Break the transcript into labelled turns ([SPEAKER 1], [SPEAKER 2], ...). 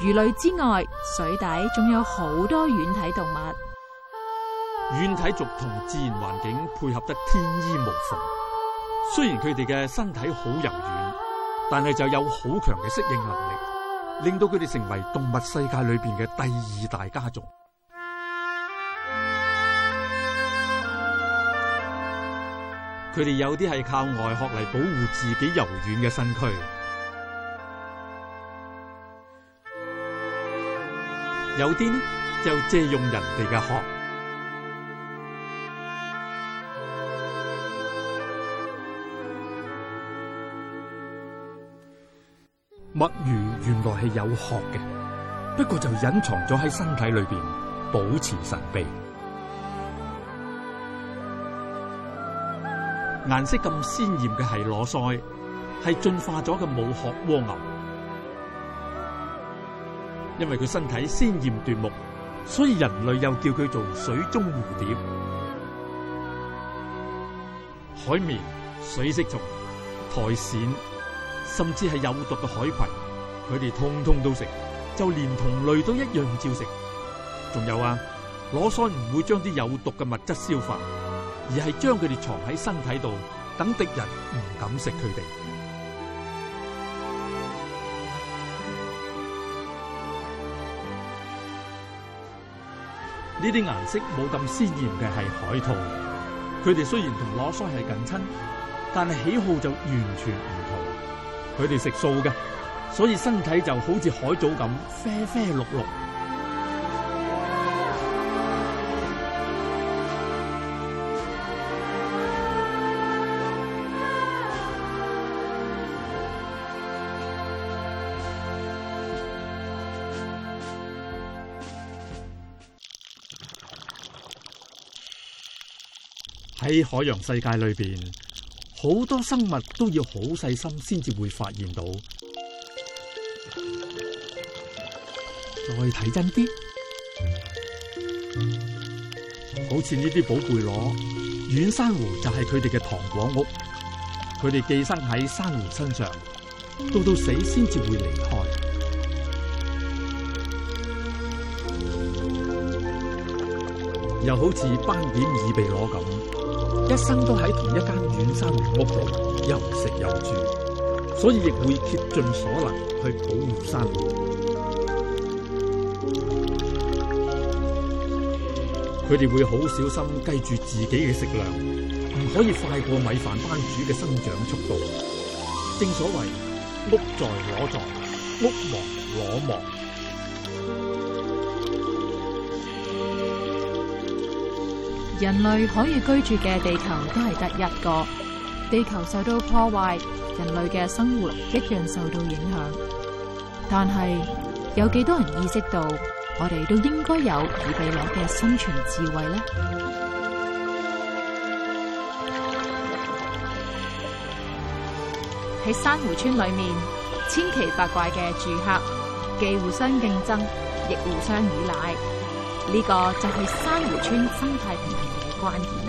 [SPEAKER 1] 魚類之外，水底仲有好多軟體動物。軟體族同自然環境配合得天衣無縫。雖然佢哋嘅身體好柔軟，但係就有好強嘅適應能力，令到佢哋成為動物世界裏邊嘅第二大家族。佢哋有啲係靠外殼嚟保護自己柔軟嘅身軀。有啲呢就借用人哋嘅殼，墨魚原來係有殼嘅，不過就隱藏咗喺身體裏邊，保持神秘顏麼。顏色咁鮮艷嘅係裸腮，係進化咗嘅冇殼蝸牛。因為佢身體鮮艷奪目，所以人類又叫佢做水中蝴蝶。海綿、水色蟲、苔蘚，甚至係有毒嘅海葵，佢哋通通都食，就連同類都一樣照食。仲有啊，裸鰓唔會將啲有毒嘅物質消化，而係將佢哋藏喺身體度，等敵人唔敢食佢哋。呢啲顏色冇咁鮮艷嘅係海兔，佢哋雖然同裸腮係近親，但係喜好就完全唔同，佢哋食素嘅，所以身體就好似海藻咁啡啡綠綠。喺海洋世界裏邊，好多生物都要好細心先至會發現到。再睇真啲，嗯、好似呢啲寶貝螺、軟珊瑚就係佢哋嘅糖果屋。佢哋寄生喺珊瑚身上，到到死先至會離開。又好似斑點擬貝螺咁。一生都喺同一間遠山屋度，又食又住，所以亦會竭盡所能去保護珊瑚。佢哋會好小心計住自己嘅食量，唔可以快過米飯班主嘅生長速度。正所謂屋在我在，屋亡我亡。人類可以居住嘅地球都係得一個，地球受到破壞，人類嘅生活一樣受到影響。但係有幾多人意識到，我哋都應該有以備攞嘅生存智慧呢？喺珊瑚村裏面，千奇百怪嘅住客，既互相競爭，亦互相依賴。呢個就係珊瑚村生態平衡嘅關鍵。